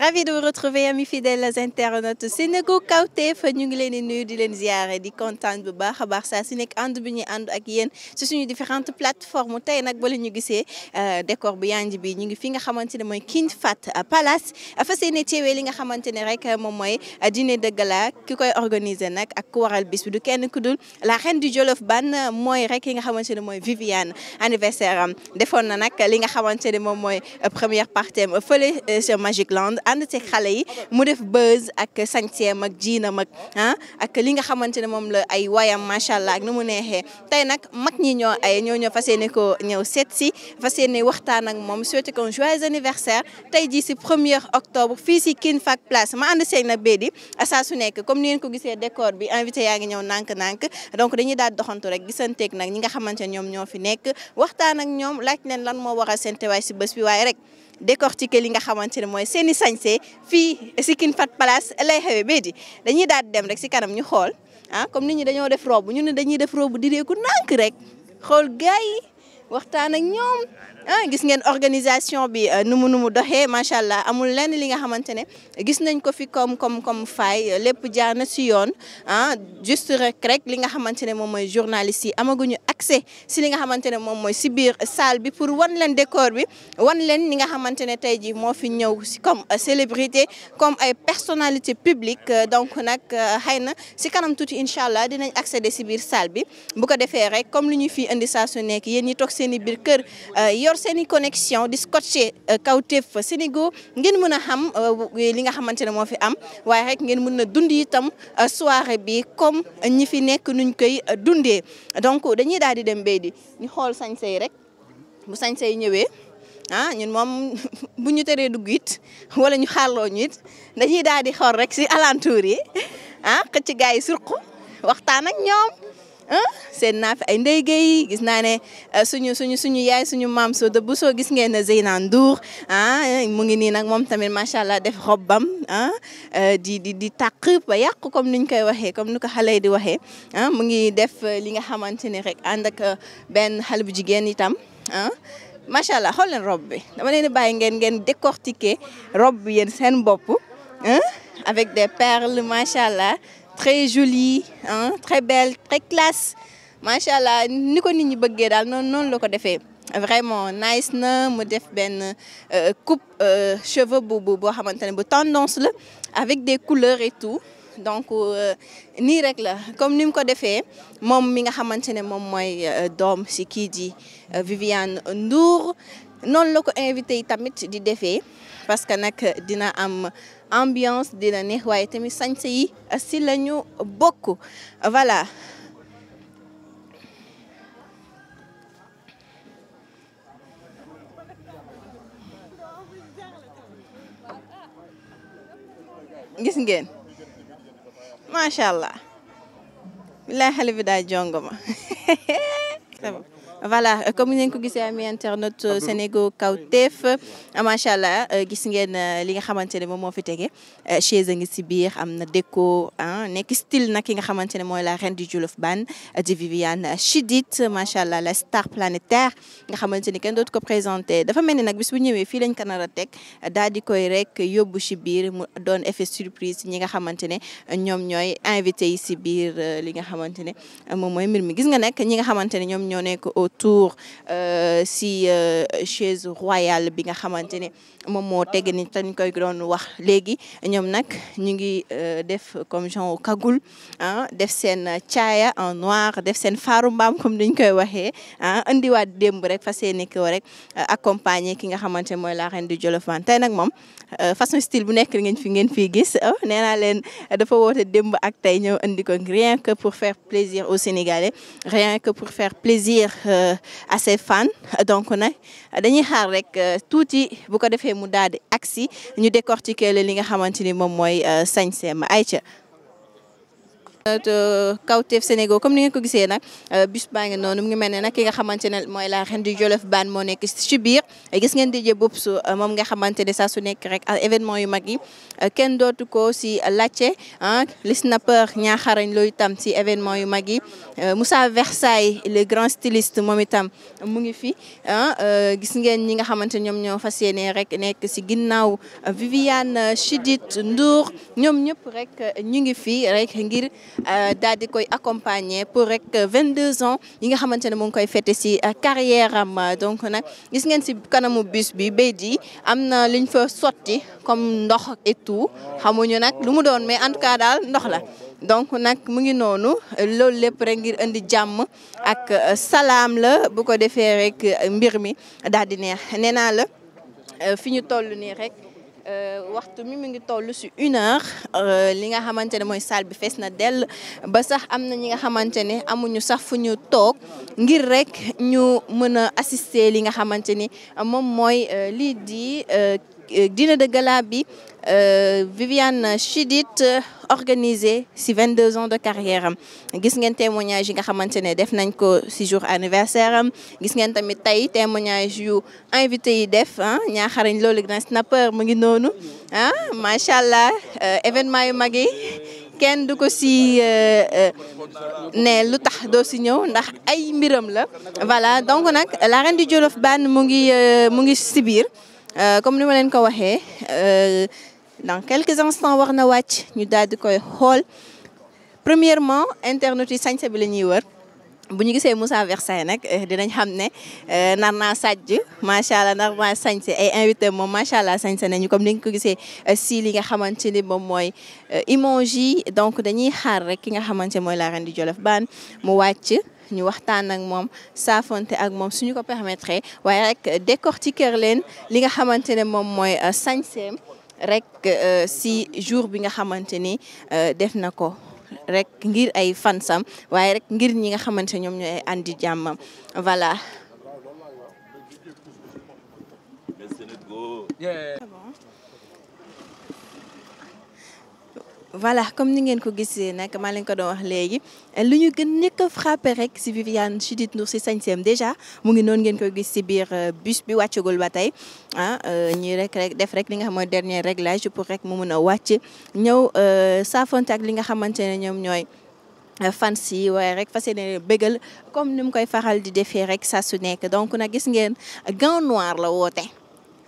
ravi de vous retrouver amis fidèles internautes Sénégo Kawtef ñu ngi leen di nuyu di leen ziare di kontaan bu baax a baax saa si nekk ànd bi ñuy ànd ak yéen si suñu différentes plateformes tey nag bala ñu gisee euh, décor bu yanj bi ñu ngi fi nga xamante ne mooy King Fat Palace fa seene teewee li nga xamante ne rek moom mooy dîner de gala ki koy organiser nag ak ku waral bis bi du kenn ku dul la reine du Jolof ban mooy rek ki nga xamante ne mooy Viviane anniversaire defoon na nag li nga xamante ne moom mooy première partie am fële euh, ànd ceeg xale yi mu def buzz ak sañseem ak jiinam ak ah ak li nga xamante ne moom la ay wayam macha allah ak nu mu neexee tey nag mag ñi ñoo ay ñoo ñoo fas yéene ko ñëw seet si fas yéene waxtaan ak moom souhaité ko joyeux anniversaire tey jii si premier octobre fii si King Fahd Place ma ànd seeg na bédi saa su nekk comme ni ngeen ko gisee décor bi invité yaa ngi ñëw nànk-nànk donc dañu daal doxantu rek gisanteeg nag ñi nga xamante ne ñoom ñoo fi nekk waxtaan ak ñoom laaj leen lan moo waral seen teewaay si bés bi waaye rek décortiquer li nga xamante ne mooy seen i sañse fii si King Fahd Palace lay xewe bee dañuy daal di dem rek si kanam ñu xool ah comme ni ñi dañoo def robe ñu ne dañuy def robe bu direeku nànk rek xool gars yi waxtaan ak ñoom ah gis ngeen organisation bi euh, nu mu nu mu doxee macha allah amul lenn li nga xamante ne gis nañ ko fi comme comme comme faay lépp jaana si yoon ah juste rek rek li nga xamante ne moom mooy journaliste yi amaguñu accès si li nga xamante ne moom mooy si biir salle bi pour wan leen décor bi wan leen li nga xamante ne tey jii moo fi ñëw si comme euh, célébrité comme ay personnalité publique euh, donc nag xëy na si kanam tuuti incha allah dinañ accéder si biir salle bi bu ko defee rek comme li ñu fi indi saa yéen ñi toog seen i biir kër yor seen i connexion di scotché euh, kawteef fa Sénégal ngeen mën a xam euh, li nga xamante ne moo fi am waaye rek ngeen mën a dund itam euh, soirée bi comme ñi fi nekk nuñ koy dundee donc dañuy daal di dem béy di ñu xool sañse yi rek bu sañse yi ñëwee ah ñun moom bu ñu teree dugg it wala ñu xaarloo ñu dañuy daal di xor rek si alentour yi ah xëcc gars yi surqu waxtaan ak ñoom. ah seen naa fi ay ndeygéey gis naa ne euh, suñu suñu suñu yaay suñu maam so de bu soo gis ngeen ne Zeyna Ndour ah mu ngi nii nag moom tamit macha allah def robbam ah di di di tàq ba yàq comme niñ koy waxee comme ni ko xale yi di waxee ah mu ngi def euh, li nga xamante ne rek ànd ak benn xale bu jigéen itam ah macha allah xool leen rob bi dama leen di bàyyi ngeen ngeen décortiquer rob bi yéen seen bopp ah avec des perles macha allah. très jolie ah très belle très classe macha allah ni ko ni ñi bëggee daal noonu noonu la ko defee. vraiment nice na mu def benn euh, coupe euh, cheveux bu bu boo xamante ne bu tendance la avec des couleurs et tout. donc euh, nii rek la comme ni mu ko defee moom mi nga xamante ne moom mooy euh, doom si kii di euh, Viviane Ndour noonu la ko invité yi tamit di defee parce que nag dina am ambiance dina neex waaye tamit sañse yi si lañu bokk voilà gis ngeen macha allah. bilaay xale bi voilà euh, comme ngeen ko gisee amee internet euh, Sénégo Kawtef euh, macha allah gis ngeen li nga xamante ne moom moo fi tege chaise ngi si biir am na déco ah nekk style ki nga xamante ne mooy la reine du Djolof Ban di Viviane Chidid macha allah la star planétaire nga xamante ni kenn dootu ko présenté dafa mel ni nag bis bu ñëwee fii lañ ko nar teg daal di koy rek yóbbu si biir mu doon effet surprise ñi nga xamante ne ñoom ñooy invité yi si biir li nga xamante ne moom mooy mbir mi gis nga nag ñi nga xamante ne ñoom ñoo nekk retour euh, si euh, chaise royale bi nga xamante ne moom moo teg ni dañ koy doon wax léegi ñoom nag ñu ngi euh, def comme genre cagoule ah def seen caaya en noir def seen faaru mbaam comme dañ koy waxee ah indiwaat demb rek fas yéene ko rek accompagner ki nga xamante ne mooy la reine du Djolof Van tey nag moom façon style bu nekk ngeen fi ngeen fii gis oh, nee naa leen dafa woote demb ak tey ñëw indi ko rien que pour faire plaisir au Sénégalais rien que pour faire plaisir à euh, ses fans donc nag dañuy xaar rek euh, tuuti bu ko defee mu daal di agsi ñu décortiquer li nga xamante ni moom mooy euh, sañseem ayca Euh, kawteef Sénégal comme ni nga ko gisee nag euh, bus baa ngi noonu mu ngi mel ne nag ki nga xamante ne mooy la reine du Jolof baan moo nekk ci biir euh, gis ngeen DJ Bobsu moom nga xamante ne saa su nekk rek événement yu mag yi kenn dootu ko si laajte ah li snapper ñaaxarañ looy itam si événement yu mag yi Moussa Versailles le grand styliste moom itam mu ngi fi ah gis ngeen ñi nga xamante ñoom ñoo fas yéene rek nekk si ginnaaw Viviane Chidid Ndour ñoom ñëpp rek ñu ngi fi rek ngir Euh, daal di koy accompagner pour rek euh, deux ans yi nga xamante ne mu ngi koy fête si euh, carrière am donc nag gis ngeen si kanamu bus bi béy di am na liñ fa sotti comme ndox et xamuñu nag lu mu doon mais en tout cas daal ndox la. donc nag mu ngi noonu loolu lépp rek ngir indi jàmm ak salaam la bu ko defee rek mbir mi daal di neex nee naa la fi ñu toll nii rek. Euh, waxtu mi mu ngi toll si une heure euh, li nga xamante ne mooy salle bi fees na dell ba sax am na ñi nga xamante ne amuñu sax fu ñu toog ngir rek ñu mën a assister li nga xamante ni moom mooy euh, lii di Euh, dîner de gala bi euh, Viviane Chidid euh, organisé si 22 ans de carrière am gis ngeen témoignage yi nga xamante ne def nañ ko si jour anniversaire am gis ngeen tamit tey témoignage yu invité yi def ah ñaaxarañ loolu grand snapper mu ngi noonu ah macha allah événement yu mag yi kenn du ko si ne lu tax doo si ñëw ndax ay mbiram la voilà donc nag la reine du Djolof Ban mu ngi mu ngi si biir. Euh, comme ni ma leen ko waxee euh, dans quelques instants wax na wàcc ñu daal di koy xool premièrement internet yi sañse bi la ñuy wër bu ñu gisee Moussa Versailles nag euh, dinañ xam ne nar naa sàjj macha allah nar naa sañse ay invité moom macha allah sañse nañu comme ni nga ko gisee si li nga xamante ni moom mooy image yi donc dañuy xaar rek ki nga xamante mooy la reine du Jolof baan mu wàcc. ñu waxtaan ak moom saafonte ak moom suñu ko permettre waaye rek décortiquer leen li nga xamante ne moom mooy euh, sañseem rek euh, si jour bi nga xamante ni euh, def na ko rek ngir ay fansam waaye rek ngir ñi nga xamante ñoom ñooy andi jàmmam voilà. voilà comme ni ngeen ko gisee nag ma leen ko doon wax léegi lu ñu gën nekk a frappé rek si Viviane Chidid Ndour si sañseem déjà mu ngi noonu ngeen ko gis si biir euh, bus bi wàccagul ba tey ah euh, ñuy rek rek def rek li nga xamooy mooy dernier réglage pour rek mu mun a wàcc ñëw euh, saafonte ak li nga xamante ne ñoom ñooy. fan si waaye rek fas yéene bégal comme ni mu koy faral di defee rek saa su nekk donc nag gis ngeen gant noir la woote.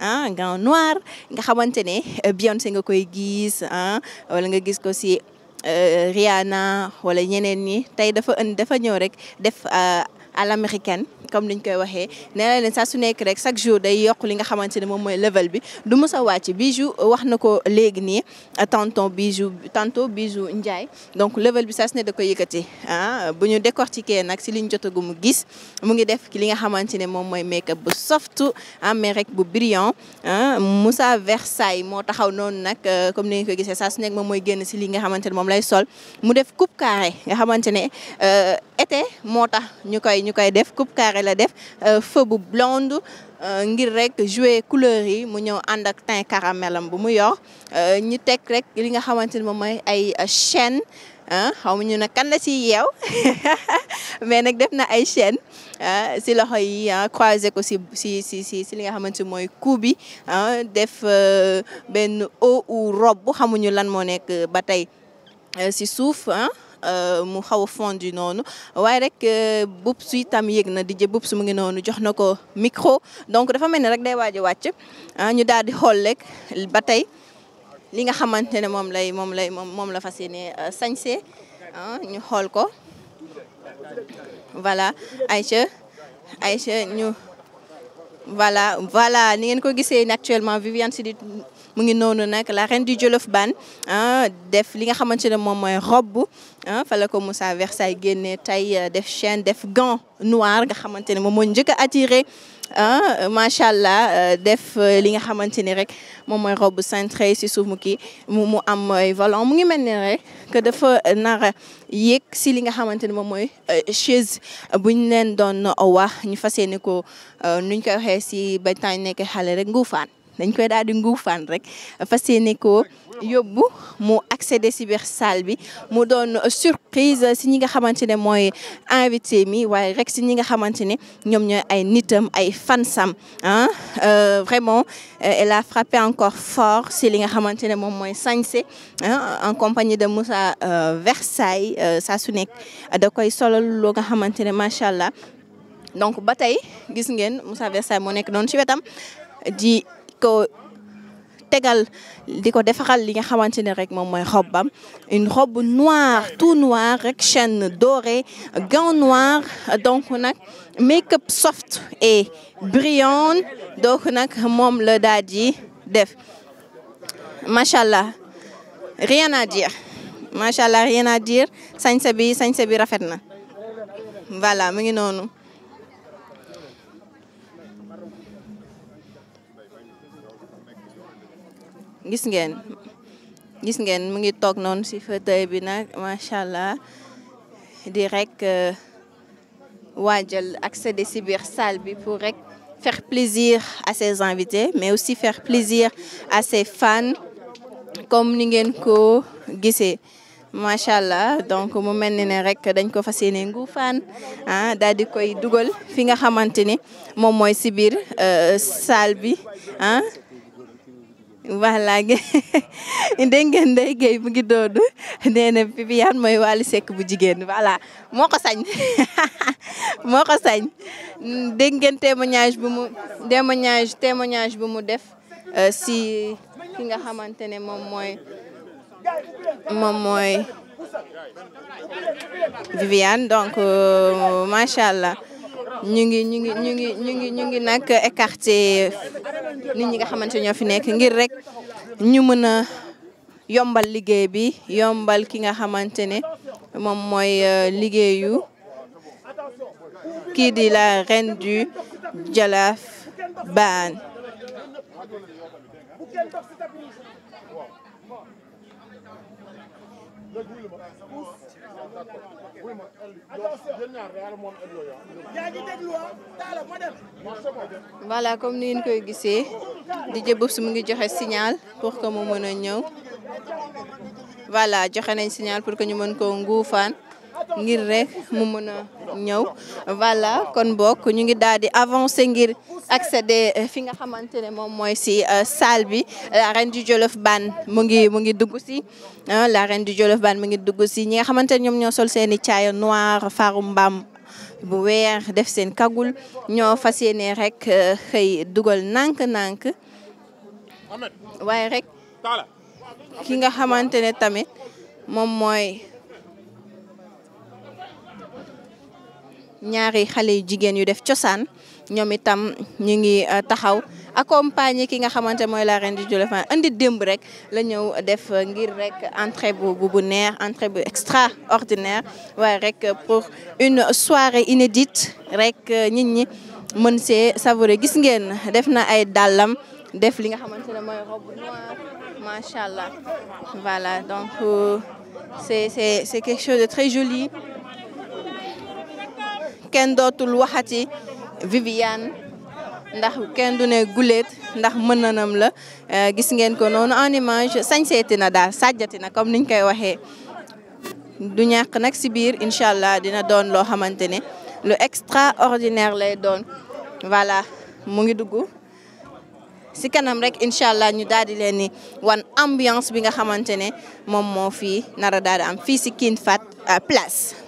ah gant noir nga xamante ne euh, Beyoncé nga koy gis ah wala nga gis ko si euh, Rihanna wala ñeneen ñi tey dafa dafa ñëw rek def. Euh, al l'américaine comme ñu koy waxee nee leen saa su nekk rek chaque jour day yokk li nga xamante ne moom mooy level bi du mës a wàcc bijou wax na ko léegi nii tonton bijou tantôt bijou Ndiaye donc level bi saa su ne da koy yëkkati ah bu ñu décortiquer nag si liñ jotagu mu gis mu ngi def li nga xamante ne moom mooy make-up bu soft ah mais rek bu brillant ah Moussa Versailles moo taxaw noonu nag euh, comme ni nga koy gisee saa su nekk moom mooy génn si li nga xamante ne moom lay sol mu def coupe carré nga xamante ne euh, été moo tax ñu koy ñu koy def coupe carré la def euh, feu bu blonde euh, ngir rek jouer couleur yi mu ñëw ànd ak teint caramelam bu mu yor euh, ñu teg rek li nga xamante ni moom mooy ay chaîne ah xaw ma ñu nag kan la ci yeew mais nag def na ay chaîne si loxo yi croisé ko si si si si si li nga xamante ni mooy cou bi def benn eau ou robe xamuñu lan moo nekk ba tey si suuf Euh, mu xaw a fondu noonu waaye rek euh, Boubs itam yëg na di DJ Boubs mu ngi noonu jox na ko micro donc dafa mel ni rek day waaj a wàcc ah, ñu daal di xool rek ba tey li nga xamante ne moom lay moom lay moom la fas yéene euh, sañse ah, ñu xool ko voilà ay Aïcha ñu voilà voilà ni ngeen ko gisee actuellement Viviane Chidid mu ngi noonu nag la reine di Jolof Ban ah, def li nga xamante ne moom mooy robe ah, fa la ko Moussa Versailles génnee tey euh, def chaîne def gant noir nga xamante ne moom moo njëkk a attiré ah, macha allah euh, def euh, li nga xamante ni rek moom mooy robe cintré si suuf mu kii mu mu am volant mu ngi mel ni rek que dafa nar a yéeg si li nga xamante ni moom mooy chaise buñ leen doon wax ñu fas yéene ko nuñ koy waxee si bañ temps nekk xale rek nguufaan. dañ koy daal di nguufaan rek fas yéene ko yóbbu mu accéder si biir salle bi mu doon surprise si ñi nga xamante ne mooy invité mi waaye rek si ñi nga xamante ne ñoom ñooy ay nitam ay fansam ah euh, vraiment euh, elle a frappé encore fort si li nga xamante ne moom mooy sañse ah, en compagnie de Moussa euh, Versailles saa su nekk da koy solal loo nga xamante ne macha allah donc ba tey gis ngeen Moussa Versailles moo nekk noonu si wetam di. ko tegal di ko defaral li nga xamante ne rek moom mooy xobbam une robe noire tout noir rek chaîne dorée gants noirs donc nag make-up soft et brillant donc nag moom la daal di def macha allah rien à dire macha allah rien à dire sañse bi sañse bi rafet na voilà mu ngi noonu. gis ngeen ngeen mu ngi toog noonu ci fauteuil bi nag macha allah di rek euh, waajal accéder ci biir salle bi pour rek faire plaisir à ses invités mais aussi faire plaisir à ses fan comme ni ngeen ko gisee macha allah donc mu mel ni ne rek dañ ko fas yéene nguufaan ah daal di koy dugal fi nga xamante ni moom mooy ci biir euh, salle bi ah. voilà dégg ngeen Ndeye Gueye mu ngi doon nee na Viviane mooy Wally Seck bu jigéen voilà moo ko sañ moo ko sañ dégg ngeen bu mu def euh, si ki nga xamante ne moom mooy moom mooy Viviane donc euh, macha allah. ñu ngi ñu ngi ñu ngi ñu ngi ñu ngi nag écarté nit ñi nga xamante ñoo fi nekk ngir rek ñu mën a yombal liggéey bi yombal ki nga xamante ne moom mooy euh, liggéeyu kii di la reine du Jalaaf Baan wuy ma comme ni ngeen koy gisee DJ Boubs mu ngi joxe signal pour que mu mën a ñëw voilà joxe nañ signal pour que ñu mën koo nguufaan. ngir rek mu mën a ñëw voilà kon bokk ñu ngi daal di avancer ngir accéder eh, fi nga xamante ne moom mooy si eh, salle bi la reine du Jolof Ban mu ngi mu ngi dugg si la reine du Jolof Ban mu ngi dugg si ñi nga xamante ne ñoom ñoo sol seeni caaya noir faru mbaam bu weer def seen kagul ñoo fas yéene rek eh, xëy dugal nànk-nànk waaye rek ki nga xamante ne tamit moom mooy ñaari xale yu jigéen yu def cosaan ñoom itam ñu ngi euh, taxaw accompagner ki nga xamante mooy la reine du Djolof indi démb rek la ñëw def ngir rek entrée bu bu neex entrée bu ordinaire waaye rek pour une soirée inédite rek euh, nit ñi mën se savourer gis ngeen def na ay dàllam def li nga xamante ne mooy robe noire macha allah voilà donc euh, c'est c'est c'est quelque chose de très joli. kenn dootul waxati Viviane ndax kenn du ne guléet ndax mënanam la euh, gis ngeen ko noonu en image sañseeti na daal sàjjati na comme niñ koy waxee du ñàkk nag si biir incha allah dina doon loo xamante ne lu extraordinaire lay doon voilà mu ngi dugg si kanam rek incha allah ñu daal di leen ni wan ambiance bi nga xamante ne moom moo fii nara daal di am fii si King Fahd euh, Place